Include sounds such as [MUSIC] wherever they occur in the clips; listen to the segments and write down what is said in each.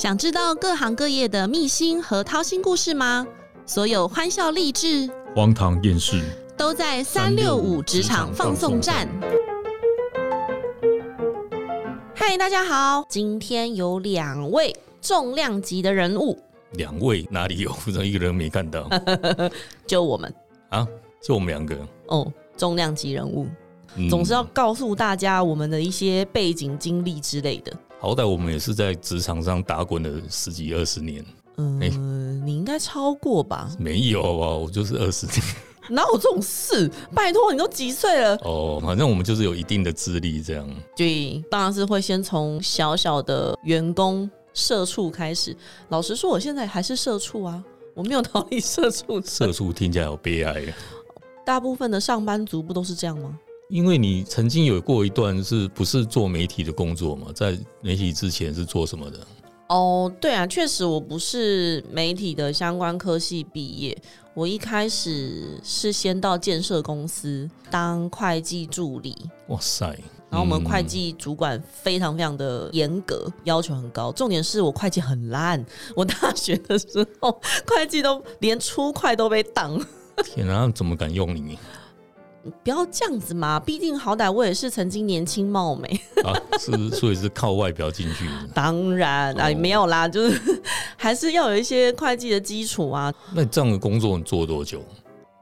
想知道各行各業的秘辛和掏心故事嗎？所有歡笑、勵志、荒唐、艷事都在三六五職場放送站。嗨，Hi, 大家好，今天有兩位重量級的人物。兩位哪裡有？怎麼一個人沒看到？ [LAUGHS] 就我們啊，就我們兩個。哦，重量級人物、嗯、總是要告訴大家我們的一些背景經歷之類的。好歹我們也是在職場上打滾了十幾二十年，嗯，欸、你應該超過吧？沒有啊，我就是二十年。哪有這種事？拜托，你都幾歲了？哦，反正我們就是有一定的資歷，這樣。對，當然是會先從小小的員工、社畜開始。老實說，我現在還是社畜啊，我沒有逃離社畜。社畜聽起來好悲哀啊！大部分的上班族不都是這樣嗎？因為你曾經有過一段是不是做媒體的工作嘛？在媒體之前是做什麼的？哦、oh,，對啊，確實我不是媒體的相關科系畢業。我一開始是先到建設公司當會計助理。哇塞！然後我們會計主管非常非常的嚴格，要求很高。重點是我會計很爛，我大學的時候會計都連初會都被當了。天哪，怎麼敢用你？不要這樣子嘛！畢竟好歹我也是曾經年輕貌美，啊，是所以是靠外表進去。 [LAUGHS] 當然啊，沒有啦，就是還是要有一些會計的基礎啊。那你這樣的工作你做多久？哦、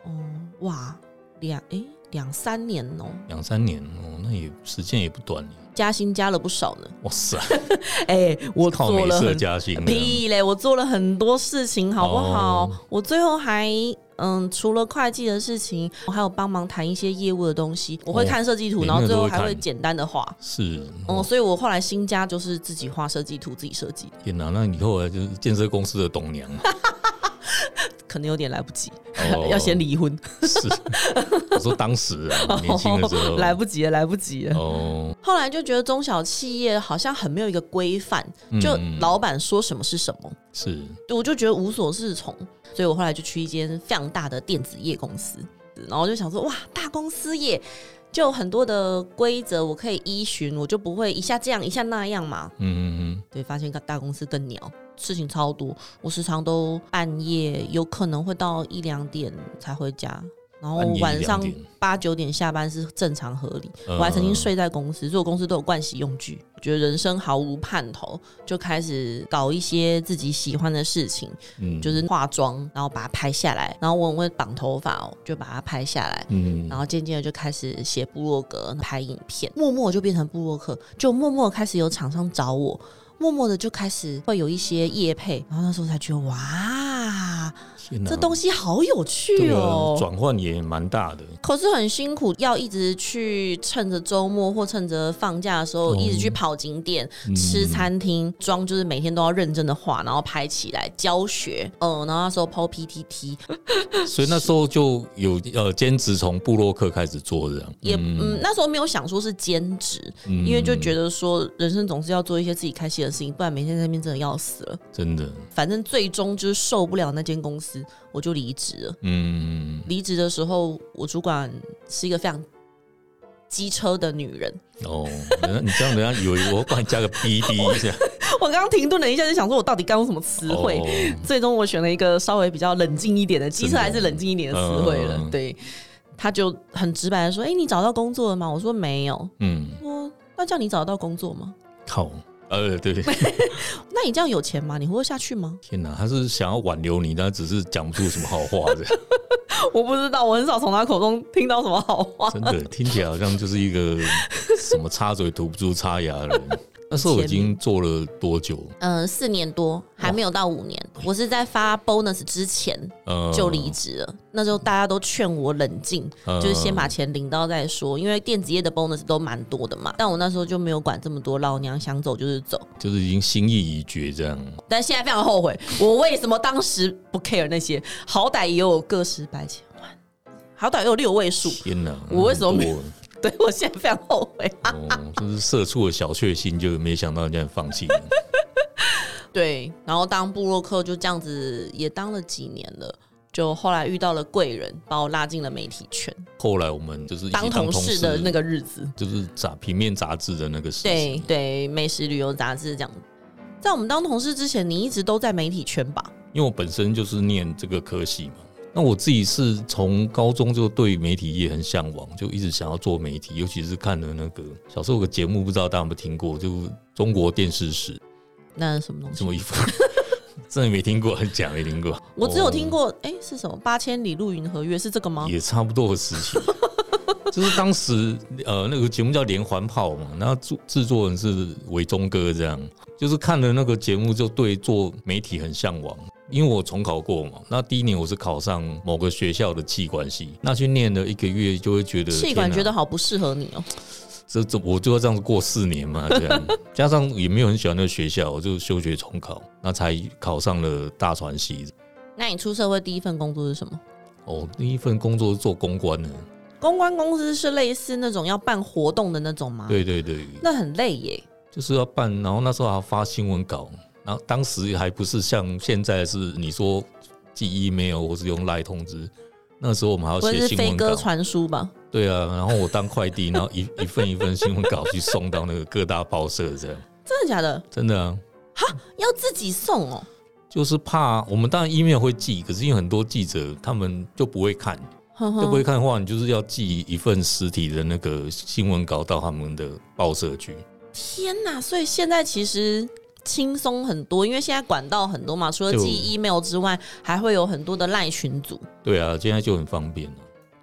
嗯，哇，兩哎兩三年哦、喔，兩三年哦、喔，那也時間也不短了。加薪加了不少呢。哇塞！哎、 [LAUGHS] 欸，我靠美色加薪，屁嘞！我做了很多事情，好不好？Oh. 我最後還。嗯，除了會計的事情，我還有幫忙談一些業務的東西。我會看設計圖，哦、然後最後還會簡單的畫。是，哦、嗯，所以我後來新家就是自己畫設計圖，自己設計。天哪、啊，那你後來就是建設公司的董娘。 [LAUGHS] 可能有點來不及，oh, 要先離婚。是，我說當時啊，你年輕的時候 oh, 來不及了，來不及了哦，oh. 後來就覺得中小企業好像很沒有一個規範，oh. 就老闆說什麼是什麼，是，我就覺得無所適從。所以我後來就去一間非常大的電子業公司，然後就想說，哇，大公司業就很多的規則，我可以依循，我就不會一下這樣一下那樣嘛。嗯嗯嗯，對，發現個大公司更鳥，事情超多，我時常都半夜，有可能會到一兩點才回家。然後晚上八九點下班是正常合理，我還曾經睡在公司，呃、所有公司都有盥洗用具，覺得人生毫無盼頭，就開始搞一些自己喜歡的事情，嗯，就是化妝，然後把它拍下來，然後我很會綁頭髮，就把它拍下來，嗯，然後漸漸的就開始寫部落格、拍影片，默默就變成部落客，就默默開始有廠商找我，默默的就開始會有一些業配，然後那時候才覺得哇。這東西好有趣哦，轉換也蠻大的，可是很辛苦，要一直去趁着周末或趁着放假的時候，一直去跑景點、吃餐廳、妝，就是每天都要認真的化，然後拍起來教學，嗯，然後那時候拋 PTT，所以那時候就有呃兼職，從部落客開始做這樣、嗯，也、嗯嗯、那時候沒有想說是兼職，因為就覺得說人生總是要做一些自己開心的事情，不然每天在那邊真的要死了，真的，反正最終就是受不了那間公司。我就離職了。嗯，離職的時候，我主管是一個非常機車的女人。哦，你這樣人家以為 [LAUGHS] 我幫你加個 B B 一下。我剛剛停頓了一下，就想說我到底該用什麼詞彙、哦？最終我選了一個稍微比較冷靜一點的，機車還是冷靜一點的詞彙了、呃。對，他就很直白的說：“哎、欸，你找到工作了嗎？”我說：“沒有。”嗯，我說那叫你找得到工作嗎？靠！呃、啊，對，那你這樣有錢嗎？你活得下去嗎？天哪，他是想要挽留你，但只是講不出什麼好話的。 [LAUGHS] 我不知道，我很少從他口中聽到什麼好話。真的聽起來好像就是一個什麼插嘴吐不出插牙的人。 [LAUGHS] 那時候我已經做了多久了？呃，四年多，還沒有到五年。哦，我是在發 bonus 之前就離職了、呃。那時候大家都勸我冷靜，呃，就是先把錢領到再說。因為電子業的 bonus 都蠻多的嘛。但我那時候就沒有管這麼多，老娘想走就是走，就是已經心意已決這樣。但現在非常後悔，我為什麼當時不 care 那些？好歹也有個十百千萬，好歹也有六位數。天吶，啊，我為什麼沒？ [LAUGHS] 對，我現在非常後悔。哦，就 [LAUGHS] 是社畜的小確幸，就沒想到這樣放棄。 [LAUGHS] 對，然後當部落客就這樣子也當了幾年了，就後來遇到了貴人，把我拉進了媒體圈。後來我們就是當同，當同事的那個日子，就是雜平面雜誌的那個時期。對對，美食旅遊雜誌這樣。在我們當同事之前，你一直都在媒體圈吧？因為我本身就是念這個科系嘛。那我自己是從高中就對媒體也很向往，就一直想要做媒體，尤其是看了那個小時候有個節目，不知道大家有沒有聽過？就是《中國電視史》，那是什麼東西？這麼 [LAUGHS] 真的沒聽過，假沒聽過。我只有聽過，哎、哦欸，是什麼？八千里路雲和月是這個嗎？也差不多的事情， [LAUGHS] 就是當時呃那個節目叫《連環炮》嘛，然後製作人是偉忠哥，這樣，就是看了那個節目，就對做媒體很向往。因為我重考過嘛，那第一年我是考上某個學校的器官系，那去念了一個月，就會覺得器官、啊、覺得好不適合你哦、喔。這這我就要這樣子過四年嘛，這樣 [LAUGHS] 加上也沒有很喜歡那個學校，我就休學重考，那才考上了大傳系。那你出社會第一份工作是什麼？哦，第一份工作是做公關的。公關公司是類似那種要辦活動的那種嗎？對對對。那很累耶。就是要辦，然後那時候還發新聞稿。然後當時還不是像現在是你說寄 email，或是用賴通知。那時候我們還要寫新聞稿傳輸吧？對啊，然後我當快遞，然後一 [LAUGHS] 一份一份新聞稿去送到那個各大報社這樣。真的假的？真的啊！哈，要自己送哦。就是怕我們當然 email 會寄，可是因為很多記者他們就不會看，就不會看的話，你就是要寄一份實體的那個新聞稿到他們的報社去。天哪！所以現在其實。輕鬆很多，因為現在管道很多嘛，除了寄 email 之外，還會有很多的賴群組。對啊，現在就很方便了。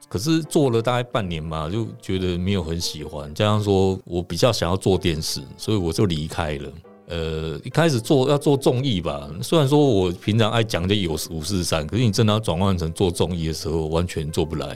可是做了大概半年嘛，就覺得沒有很喜歡。加上說我比較想要做電視，所以我就離開了。呃，一開始做要做綜藝吧，雖然說我平常愛講的有五四三，可是你真的要轉換成做綜藝的時候，完全做不來。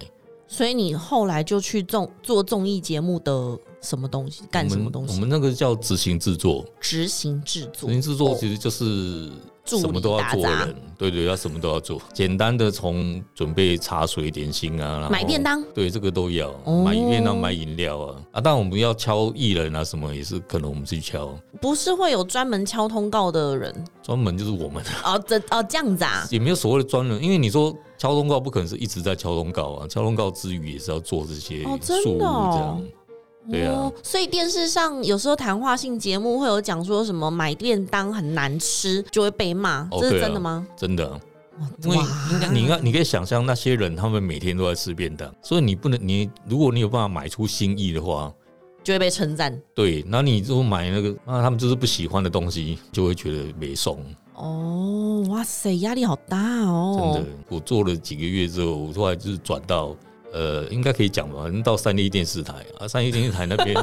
所以你後來就去綜做綜藝節目的什麼東西，幹什麼東西？我們，我們那個叫執行製作，執行製作，執行製作其實就是。什麼都要做的人，人對對、對、啊，要什麼都要做。簡單的從準備茶水點心啊，買便當，對這個都要、嗯。買便當、買飲料啊啊！當然我們要敲藝人啊，什麼也是可能我們去敲，不是會有專門敲通告的人，專門就是我們啊、哦，這啊、哦、這樣子啊，也沒有所謂的專人，因為你說敲通告不可能是一直在敲通告啊，敲通告之餘也是要做這些這，哦，的這、哦、樣。對啊、哦，所以電視上有時候談話性節目會有講說什麼買便當很難吃，就會被罵、哦啊，這是真的嗎？真的、啊，因為應該、啊、你應你，你可以想象那些人他們每天都在吃便當，所以你不能你如果你有辦法買出新意的話，就會被稱讚。對，那你如果買那個，那他們就是不喜歡的東西，就會覺得沒送。哦，哇塞，壓力好大哦！真的，我做了幾個月之後，後來就是轉到。呃，應該可以講吧，反正到三立電視台啊，三立電視台那邊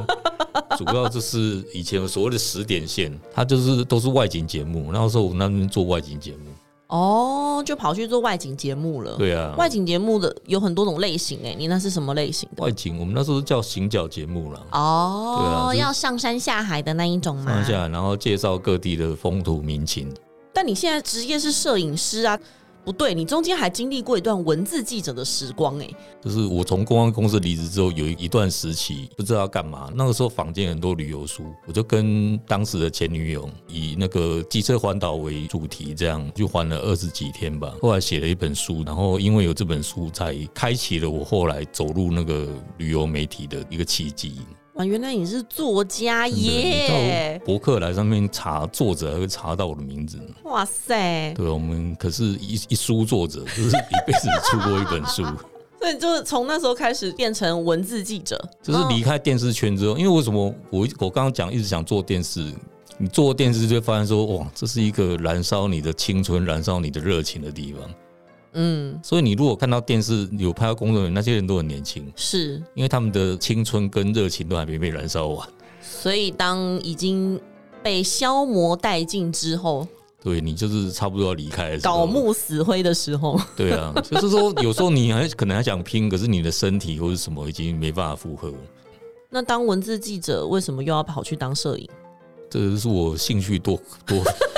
主要就是以前所謂的十點線， [LAUGHS] 它就是都是外景節目，然後說我們那邊做外景節目，哦，就跑去做外景節目了，對啊，外景節目的有很多種類型哎、欸，你那是什麼類型的？外景，我們那時候都叫行腳節目了，哦，對啊，要、就是、上山下海的那一種嗎？上山下海，然後介紹各地的風土民情。但你現在職業是攝影師啊。不對，你中間還經歷過一段文字記者的時光、欸，哎，就是我從公關公司離職之後，有一段時期不知道要幹嘛。那個時候坊間很多旅遊書，我就跟當時的前女友以那個機車環島為主題，這樣就環了二十幾天吧。後來寫了一本書，然後因為有這本書，才開啟了我後來走入那個旅遊媒體的一個契機。啊，原來你是作家耶！博客來上面查作者，還會查到我的名字。哇塞！對，我們可是一一書作者，就是一輩子出過一本書。所 [LAUGHS] 以 [LAUGHS] 就是從那時候開始變成文字記者，就是離開電視圈之後。因為為什麼我我剛剛講一直想做電視，你做電視就會發現說哇，這是一個燃燒你的青春、燃燒你的熱情的地方。嗯，所以你如果看到電視有拍到工作人員，那些人都很年輕，是因為他們的青春跟熱情都還沒被燃燒完。所以當已經被消磨殆盡之後，對你就是差不多要離開，槁木死灰的時候。對啊，就是說有時候你還可能還想拼， [LAUGHS] 可是你的身體或者什麼已經沒辦法負荷。那當文字記者，為什麼又要跑去當攝影？這個是我興趣多多。 [LAUGHS]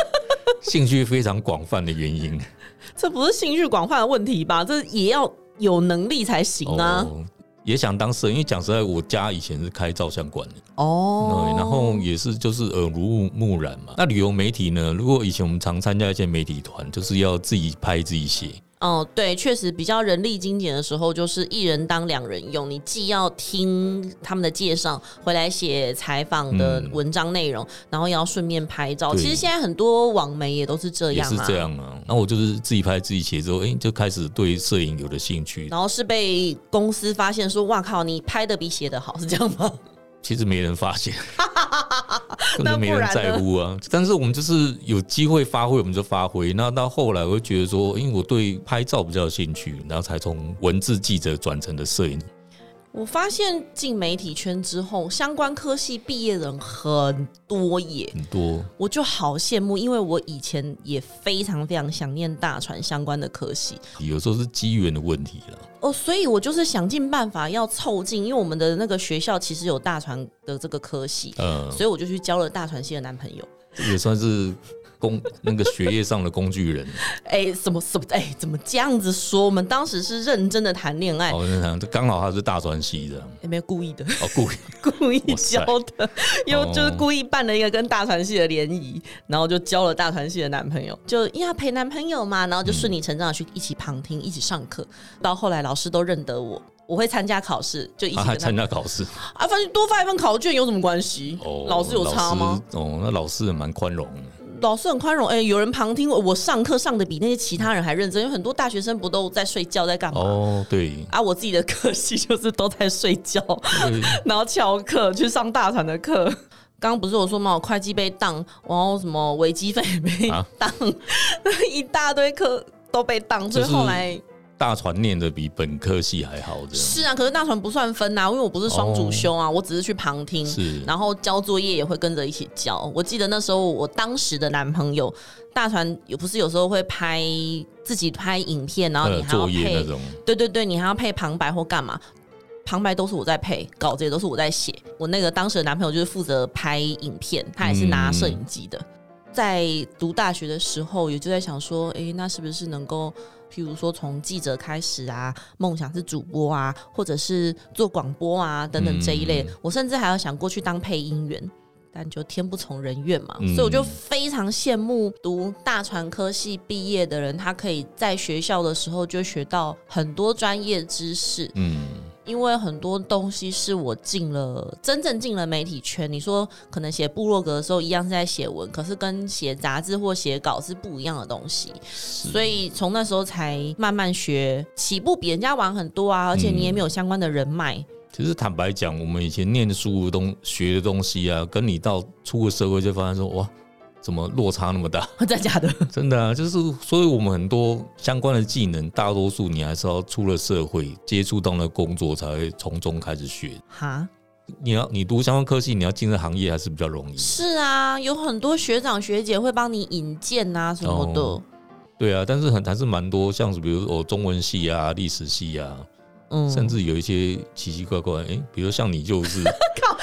興趣非常廣泛的原因 [LAUGHS] ，這不是興趣廣泛的問題吧？這也要有能力才行啊、哦！也想當攝影師，因為講實在，我家以前是開照相館的哦。對，然後也是就是耳濡目染嘛。那旅遊媒體呢？如果以前我們常參加一些媒體團，就是要自己拍自己寫。哦，對，確實比較人力精簡的時候，就是一人當兩人用。你既要聽他們的介紹，回來寫採訪的文章內容，嗯、然後也要順便拍照。其實現在很多網媒也都是這樣。啊、是這樣啊。那我就是自己拍自己寫之後，哎，就開始對攝影有了興趣。然後是被公司發現說：“哇靠，你拍的比寫的好，是這樣嗎？”其實沒人發現。啊。可能沒人在乎啊，但是我們就是有機會發揮，我們就發揮。那到後來，我就覺得說，因為我對拍照比較有興趣，然後才從文字記者轉成的攝影。我發現進媒體圈之後，相關科系畢業人很多耶，很多，我就好羨慕，因為我以前也非常非常想念大傳相關的科系。有時候是機緣的問題了、啊、哦、呃，所以我就是想盡辦法要湊近，因為我們的那個學校其實有大傳的這個科系，嗯，所以我就去交了大傳系的男朋友，也算是。 [LAUGHS] [LAUGHS] 工那個學業上的工具人，哎、欸，什麼什麼？哎、欸，怎麼這樣子說？我們當時是認真的談戀愛。哦，認真談。這剛好他是大傳系的，有、欸、沒有故意的？哦，故意故意交的，又就是故意辦了一個跟大傳系的聯誼、哦，然後就交了大傳系的男朋友。就因為他陪男朋友嘛，然後就順理成章的去、嗯、一起旁聽，一起上課。到後來老師都認得我，我會參加考試，就一起參、啊、加考試。啊，反正多發一份考卷有什麼關係、哦？老師有差嗎？哦，那老師也蠻寬容的。老師很寬容、欸，有人旁聽我，我上課上的比那些其他人還認真，有很多大學生不都在睡覺在幹嘛？哦、oh,，對，啊，我自己的科系就是都在睡覺，然後翹課去上大傳的課。剛 [LAUGHS] 剛不是我說嘛，我會計被當，然後什麼微積分被當、啊、 [LAUGHS] 一大堆課都被當，所以後來。就是大船念的比本科系還好的是啊，可是大船不算分吶、啊，因為我不是雙主修啊、哦，我只是去旁聽是，然後交作業也會跟着一起交。我記得那時候，我當時的男朋友大船也不是有時候會拍自己拍影片，然後你還要配，呃、對對對，你還要配旁白或幹嘛？旁白都是我在配，稿子也都是我在寫。我那個當時的男朋友就是負責拍影片，他也是拿攝影機的、嗯。在讀大學的時候，也就在想說，哎、欸，那是不是能夠？譬如說，從記者開始啊，夢想是主播啊，或者是做廣播啊，等等這一類。嗯，我甚至還要想過去當配音員，但就天不從人願嘛。嗯，所以我就非常羨慕讀大傳科系畢業的人，他可以在學校的時候就學到很多專業知識。嗯。因為很多東西是我進了真正進了媒體圈，你說可能寫部落格的時候一樣是在寫文，可是跟寫雜誌或寫稿是不一樣的東西，所以從那時候才慢慢學，起步比人家晚很多啊，而且你也沒有相關的人脈。嗯，其實坦白講，我們以前念書的東學的東西啊，跟你到出了社會就發現說哇。什麼落差那麼大？真 [LAUGHS] 的假的？真的啊，就是所以我們很多相關的技能，大多數你還是要出了社會，接觸到了工作，才會從中開始學。哈，你要你讀相關科系，你要進這行業還是比較容易？是啊，有很多學長學姐會幫你引薦啊什麼的、哦。對啊，但是很還是蠻多，像是比如說中文系啊、歷史系啊，嗯，甚至有一些奇奇怪怪，哎、欸，比如像你就是， [LAUGHS] 靠。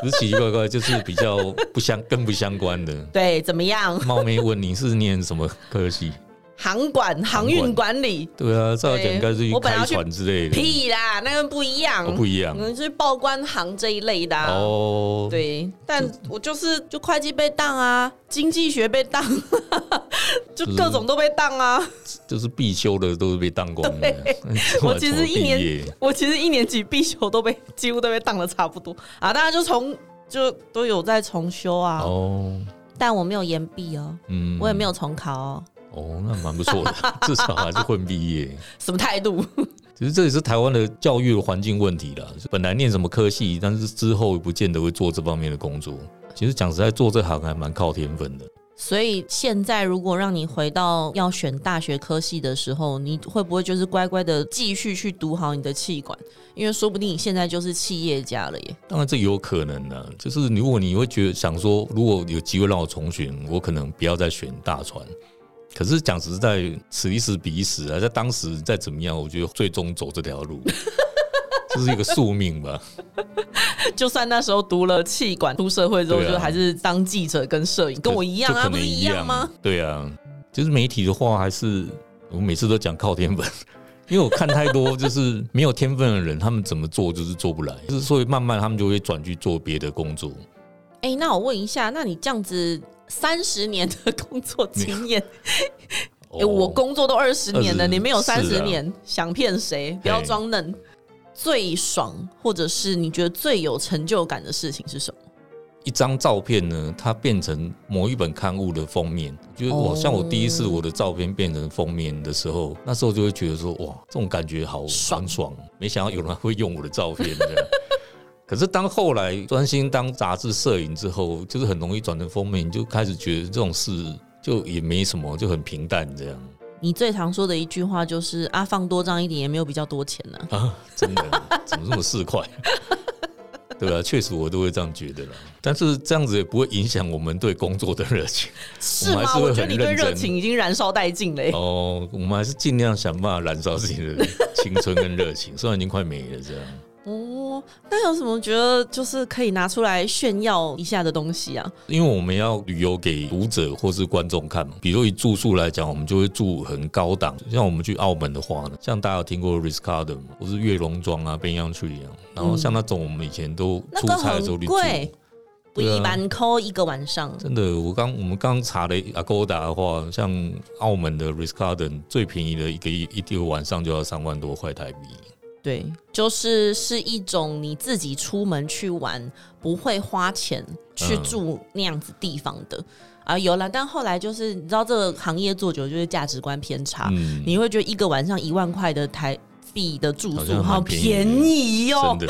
[LAUGHS] 是奇奇怪怪，就是比較不相 [LAUGHS] 更不相關的。對，怎麼樣？冒昧問你是念什麼科系？ [LAUGHS] 航管，航運管理。對啊，照來講，應該是去開船之類的。屁啦，那個不一樣、哦，不一樣，可能是報關行這一類的、啊。哦，對，但我就是就會計被當啊，經濟學被當、啊。 [LAUGHS] 就各種都被當啊、就是，就是必修的都是被當光的。對，我其實一年，我其實一年級必修都被幾乎都被當的差不多啊。大家就從就都有在重修啊。哦，但我沒有延畢哦，嗯，我也沒有重考哦。哦，那蠻不錯的，至少還是混畢業。 [LAUGHS] 什麼態度？其實這也是台灣的教育環境問題了。本來念什麼科系，但是之後不見得會做這方面的工作。其實講實在，做這行還蠻靠天分的。所以現在，如果讓你回到要選大學科系的時候，你會不會就是乖乖的繼續去讀好你的企管？因為說不定你現在就是企業家了耶。當然這有可能呢、啊，就是如果你會覺得想說，如果有機會讓我重選，我可能不要再選大船。可是講實在，此一時彼一時啊，在當時再怎麼樣，我覺得最終走這條路。 [LAUGHS] 這是一個宿命吧。就算那時候讀了企管，出社會之後、啊、就還是當記者跟攝影，跟我一樣啊一樣，不是一樣嗎？對啊，就是媒體的話，還是我每次都講靠天分， [LAUGHS] 因為我看太多就是沒有天分的人， [LAUGHS] 他們怎麼做就是做不來，就是所以慢慢他們就會轉去做別的工作。哎、欸，那我問一下，那你這樣子三十年的工作經驗、 [LAUGHS] 欸哦欸，我工作都二十年了，20，你沒有三十年，啊、想騙誰？不要裝嫩。最爽，或者是你覺得最有成就感的事情是什麼？一張照片呢，它變成某一本刊物的封面，就是我、oh. 像我第一次我的照片變成封面的時候，那時候就會覺得說哇，這種感覺好爽爽。沒想到有人會用我的照片這樣， [LAUGHS] 可是當後來專心當雜志攝影之後，就是很容易轉成封面，你就開始覺得這種事就也沒什麼，就很平淡這樣。你最常說的一句話就是啊，放多張一點也沒有比較多錢呢啊，啊，真的，怎麼這麼市儈？ [LAUGHS] 對啊，確實我都會這樣覺得啦。但是這樣子也不會影響我們對工作的熱情，是嗎？我，會，我覺得你對熱情已經燃燒殆盡了哦，我們還是盡量想辦法燃燒自己的青春跟熱情，雖 [LAUGHS] 然已經快沒了這樣。哦，那有什麼覺得就是可以拿出來炫耀一下的東西啊？因為我們要旅遊給讀者或是觀眾看嘛。比如以住宿來講，我們就會住很高檔。像我們去澳門的話呢，像大家有聽過 Riscarden 嗎？或是悅榕莊啊、邊疆區一樣去、啊。然後像那種我們以前都出差的時候住，不一般摳一個晚上。真的，我剛我們剛查了 Agoda 的話，像澳門的 Riscarden 最便宜的一個一一個晚上就要三萬多塊台幣。對，就是是一種你自己出門去玩，不會花錢去住那樣子地方的，嗯、啊，有啦。但後來就是，你知道這個行業做久了，就是價值觀偏差，嗯、你會覺得一個晚上一萬塊的台幣的住宿好，很便好便宜喲。哦 [LAUGHS]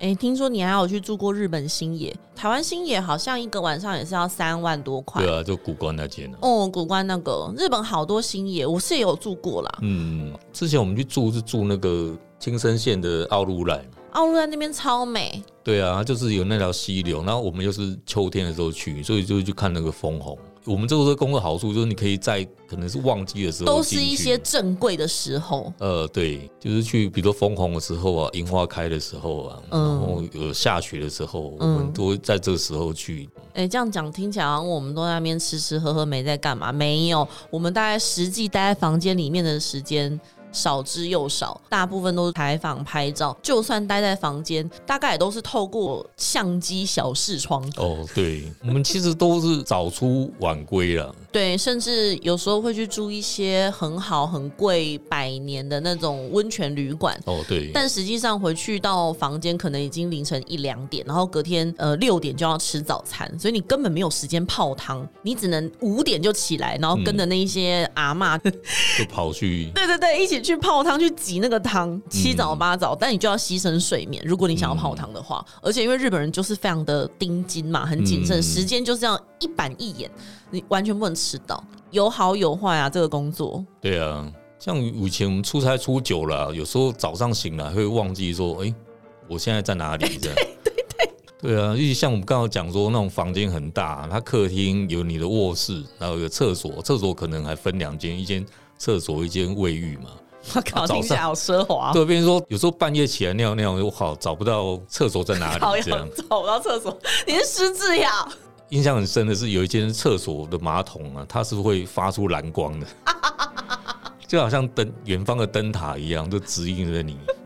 哎、欸，聽說你還有去住過日本星野，台灣星野好像一個晚上也是要三萬多塊。對啊，就谷關那間、啊、哦，谷關那個日本好多星野，我是有住過啦。嗯，之前我們去住是住那個青森縣的奧入瀨，奧入瀨那邊超美。對啊，就是有那條溪流，然後我們又是秋天的時候去，所以就去看那個楓紅。我們這個工作好處就是，你可以在可能是旺季的時候，都是一些正貴的時候。呃，對，就是去，比如說楓紅的時候啊，櫻花開的時候啊、嗯，然後有下雪的時候，嗯、我們都會在這個時候去。哎、欸，這樣講聽起來，我們都在那邊吃吃喝喝，沒在幹嘛？沒有，我們大概實際待在房間裡面的時間。少之又少，大部分都是採訪拍照，就算待在房間，大概也都是透過相機小視窗。哦，對， [LAUGHS] 我們其實都是早出晚歸了。對，甚至有時候會去住一些很好很貴百年的那種溫泉旅館。哦，對。但實際上回去到房間可能已經凌晨一兩點，然後隔天呃六點就要吃早餐，所以你根本沒有時間泡湯，你只能五點就起來，然後跟着那一些阿嬤、嗯、 [LAUGHS] 就跑去。對對對，一起去泡湯去擠那個湯，七早八早，嗯、但你就要犧牲睡眠。如果你想要泡湯的話，嗯、而且因為日本人就是非常的頂真嘛，很謹慎，嗯、時間就是這樣一板一眼。你完全不能遲到，有好有壞啊，這個工作。對啊，像以前我們出差出久了，有時候早上醒來會忘記說，哎、欸，我現在在哪裡？這樣，欸、對對對，對啊。尤其像我們剛剛講說，那種房間很大，它客廳有你的臥室，然後有廁所，廁所可能還分兩間，一間廁所，一間衛浴嘛。我靠，聽起來好奢華。對，變成說有時候半夜起來尿尿，又好，找不到廁所在哪裡這樣？這找不到廁所，你是失智呀？ [LAUGHS] 印象很深的是，有一間廁所的馬桶啊，它是會發出藍光的， [LAUGHS] 就好像燈，遠方的燈塔一樣，就指引着你。 [LAUGHS]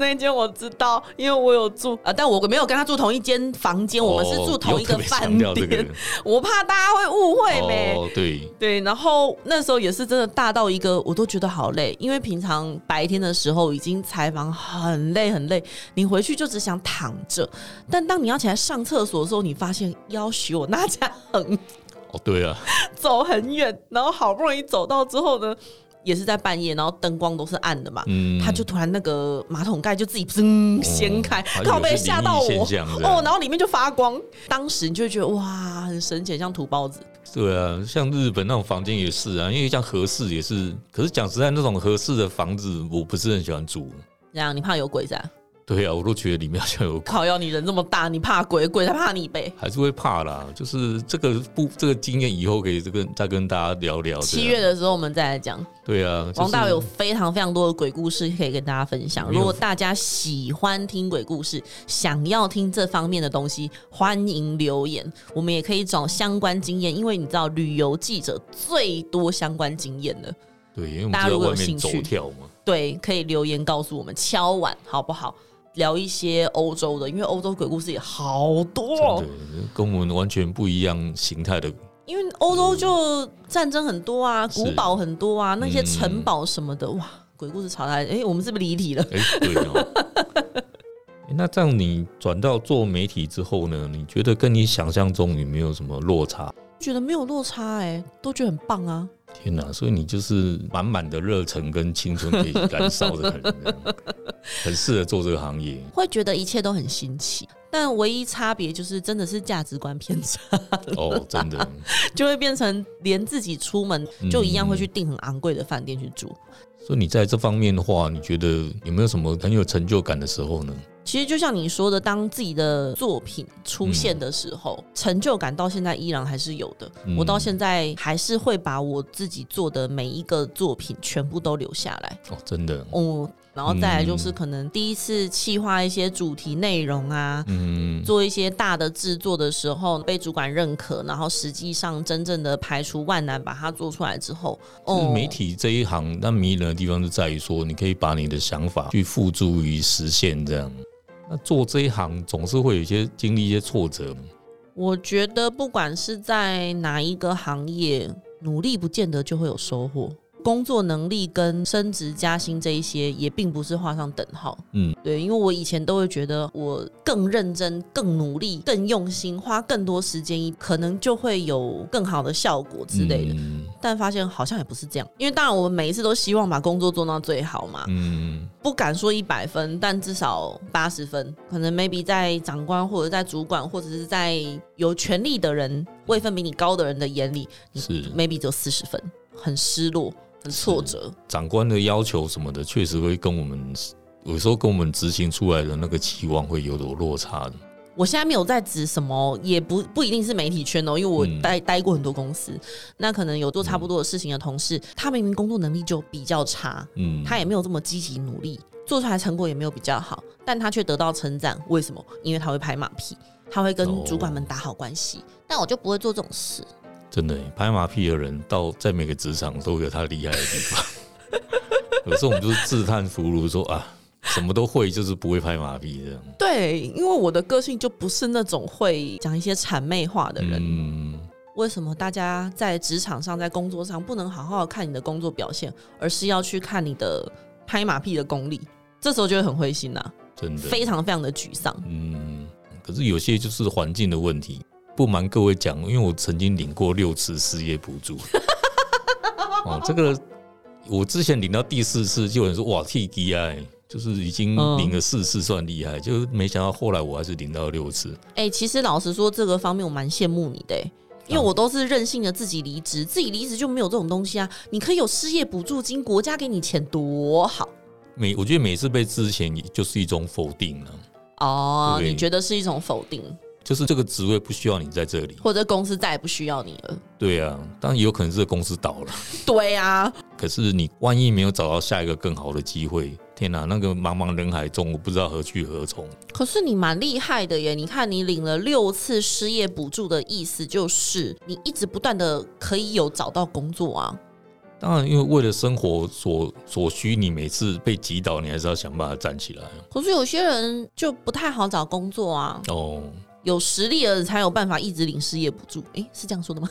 那間我知道，因為我有住啊，但我沒有跟他住同一間房間、哦，我們是住同一個飯店。我怕大家會誤會唄、哦。對對，然後那時候也是真的大到一個，我都覺得好累，因為平常白天的時候已經採訪很累很累，你回去就只想躺着。但當你要起來上廁所的時候，你發現要許我那家很哦，對啊，走很遠，然後好不容易走到之後呢？也是在半夜，然後燈光都是暗的嘛，他、嗯、就突然那個馬桶蓋就自己噌掀開，嗯、剛好被嚇到我哦，然後裡面就發光，當時你就覺得哇，很神奇，像土包子。對啊，像日本那種房間也是啊，因為像和室也是，可是講實在，那種和室的房子我不是很喜歡住。這樣？你怕有鬼在、啊？對啊，我都覺得裡面好像有。靠，要你人這麼大，你怕鬼，鬼才怕你唄。還是會怕啦，就是這個不，這個經驗以後可以再跟大家聊聊。七月的時候我們再來講。對啊，就是，王大有非常非常多的鬼故事可以跟大家分享。如果大家喜歡聽鬼故事，想要聽這方面的東西，歡迎留言。我們也可以找相關經驗，因為你知道旅遊記者最多相關經驗的。對，因為大家如果有興趣，對，可以留言告訴我們敲碗好不好？聊一些歐洲的，因為歐洲鬼故事也好多。哦，對，跟我們完全不一樣形態的。因為歐洲就戰爭很多啊，古堡很多啊，那些城堡什麼的，嗯、哇，鬼故事炒起來。哎、欸，我們是不是離題了？欸、對、哦 [LAUGHS] 欸、那這樣你轉到做媒體之後呢？你覺得跟你想象中有沒有什麼落差？覺得沒有落差。欸，哎，都覺得很棒啊。天哪、啊！所以你就是滿滿的熱忱跟青春可以燃燒的人 [LAUGHS] 很，很適合做這個行業。會覺得一切都很新奇，但唯一差別就是真的是價值觀偏差。哦，真的， [LAUGHS] 就會變成連自己出門就一樣會去訂很昂貴的飯店去住、嗯。所以你在這方面的話，你覺得有沒有什麼很有成就感的時候呢？其實就像你說的，當自己的作品出現的時候，嗯、成就感到現在依然還是有的、嗯。我到現在還是會把我自己做的每一個作品全部都留下來。哦，真的哦。Oh, 然後再來就是可能第一次企劃一些主題內容啊、嗯，做一些大的製作的時候，被主管認可，然後實際上真正的排除萬難把它做出來之後，哦、oh，媒體這一行那迷人的地方就在於說，你可以把你的想法去付諸於實現，這樣。那做這一行總是會有一些經歷一些挫折。我覺得，不管是在哪一個行業，努力不見得就會有收穫。工作能力跟升職加薪這一些也並不是畫上等號。嗯，對，因為我以前都會覺得我更認真、更努力、更用心，花更多時間，可能就會有更好的效果之類的。嗯、但發現好像也不是這樣。因為當然我們每一次都希望把工作做到最好嘛。嗯，不敢說一百分，但至少八十分。可能 maybe 在長官或者在主管或者是在有權力的人、位分比你高的人的眼裡，是你 maybe 只有四十分，很失落。挫折，長官的要求什麼的，確實會跟我們有時候跟我們執行出來的那個期望會有所落差的。我現在沒有在指什麼，也不不一定是媒體圈哦、喔，因為我待、嗯、待過很多公司，那可能有做差不多的事情的同事，嗯、他明明工作能力就比較差，嗯，他也沒有這麼積極努力，做出來成果也沒有比較好，但他卻得到稱讚，為什麼？因為他會拍馬屁，他會跟主管們打好關係、哦，但我就不會做這種事。真的，拍馬屁的人到在每個職場都有他厲害的地方。 [LAUGHS] [LAUGHS] 有時候我們就是自嘆弗如，說啊，什麼都會，就是不會拍馬屁這樣。對，因為我的個性就不是那種會講一些諂媚話的人、嗯。為什麼大家在職場上、在工作上不能好好的看你的工作表現，而是要去看你的拍馬屁的功力？這時候就會很灰心吶、啊，真的，非常非常的沮喪。嗯，可是有些就是環境的問題。不瞞各位講，因為我曾經領過六次失業補助。 [LAUGHS] 哦，這個我之前領到第四次，就有人說：“哇，T D I，就是已經領了四次算厲害。嗯”就沒想到後來我還是領到六次。哎、欸，其實老實說，這個方面我蠻羨慕你的、欸，因為我都是任性的自己離職、啊，自己離職就沒有這種東西啊。你可以有失業補助金，國家給你錢多好。每我覺得每次被資遣，就是一種否定了、啊。哦，你覺得是一種否定？就是這個職位不需要你在這裡，或者公司再也不需要你了。對啊，當然也有可能是公司倒了。 [LAUGHS] 對啊，可是你萬一沒有找到下一個更好的機會，天哪！那個茫茫人海中，我不知道何去何從。可是你蠻厲害的耶，你看你領了六次失業補助的意思就是你一直不斷的可以有找到工作啊。當然，因為為了生活所所需，你每次被擊倒，你還是要想辦法站起來。可是有些人就不太好找工作啊。哦。有實力了才有辦法一直領失業補助，哎、欸，是這樣說的嗎？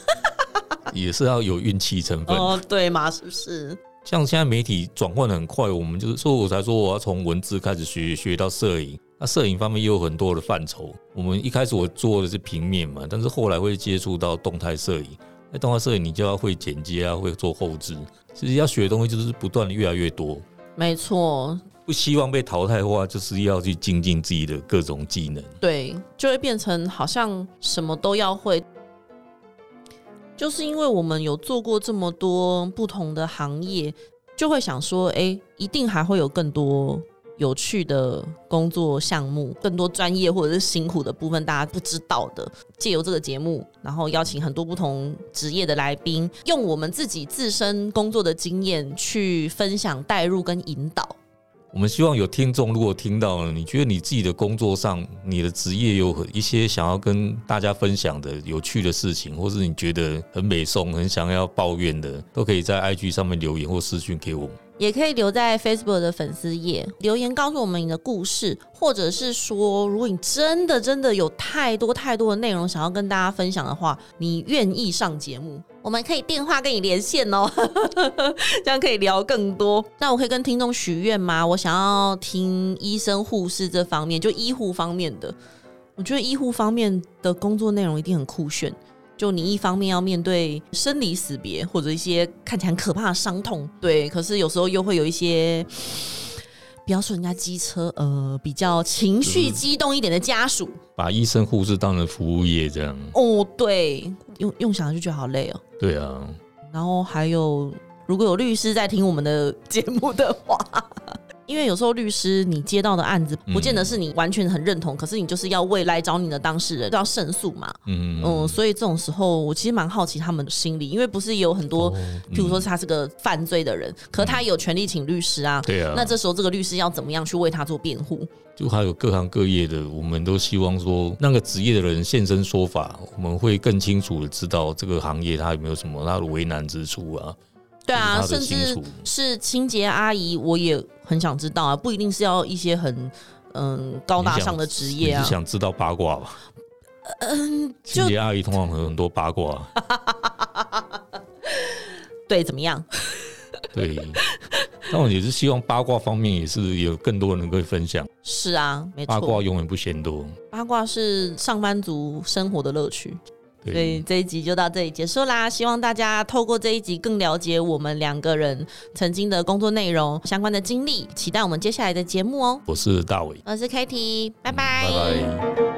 [LAUGHS] 也是要有運氣成分哦，對嘛，是不是？像現在媒體轉換很快，我們就是，所以我才說我要從文字開始學，學到攝影。那、啊、攝影方面也有很多的範疇，我們一開始我做的是平面嘛，但是後來會接觸到動態攝影。那動態攝影你就要會剪接啊，會做後置，其實要學的東西就是不斷的越來越多。沒錯。不希望被淘汰的話，就是要去精進自己的各種技能。對，就會變成好像什麼都要會。就是因為我們有做過這麼多不同的行業，就會想說：哎、欸，一定還會有更多有趣的工作項目，更多專業或者是辛苦的部分，大家不知道的。借由這個節目，然後邀請很多不同職業的來賓，用我們自己自身工作的經驗去分享、帶入跟引導。我們希望有聽眾，如果聽到了，你覺得你自己的工作上，你的職業有一些想要跟大家分享的有趣的事情，或是你覺得很美送、很想要抱怨的，都可以在 IG 上面留言或私訊給我。也可以留在 Facebook 的粉絲頁留言，告訴我們你的故事，或者是說，如果你真的真的有太多太多的內容想要跟大家分享的話，你願意上節目。我們可以電話跟你連線哦， [LAUGHS] 這樣可以聊更多。那我可以跟聽眾許願嗎？我想要聽醫生、護士這方面，就醫護方面的。我覺得醫護方面的工作內容一定很酷炫。就你一方面要面對生離死別或者一些看起來很可怕的傷痛，對，可是有時候又會有一些。不要說人家機車，呃，比較情緒激動一點的家屬，把醫生護士當成服務業這樣。哦，對，用用想來就覺得好累哦。對啊。然後還有，如果有律師在聽我們的節目的話。因為有時候律師你接到的案子，不見得是你完全很認同，嗯、可是你就是要為來找你的當事人都要勝訴嘛。嗯嗯，所以這種時候，我其實蠻好奇他們的心理，因為不是也有很多，哦嗯、譬如說是他是個犯罪的人，嗯、可他也有權利請律師啊。對、嗯、啊。那這時候這個律師要怎麼樣去為他做辯護？就還有各行各業的，我們都希望說那個職業的人現身說法，我們會更清楚的知道這個行業他有沒有什麼他的為難之處啊。對啊，甚至是清潔阿姨，我也很想知道啊，不一定是要一些很嗯高大上的職業啊。你，想，你是想知道八卦吧？嗯，清潔阿姨通常有很多八卦。 [LAUGHS] 對，怎麼樣？對，但我也是希望八卦方面也是有更多人可以分享。是啊，沒錯，八卦永遠不嫌多。八卦是上班族生活的樂趣。所以這一集就到這裡結束啦，希望大家透過這一集更了解我們兩個人曾經的工作內容相關的經歷，期待我們接下來的節目哦、喔。我是大偉，我是 Catty、嗯、拜拜。拜拜。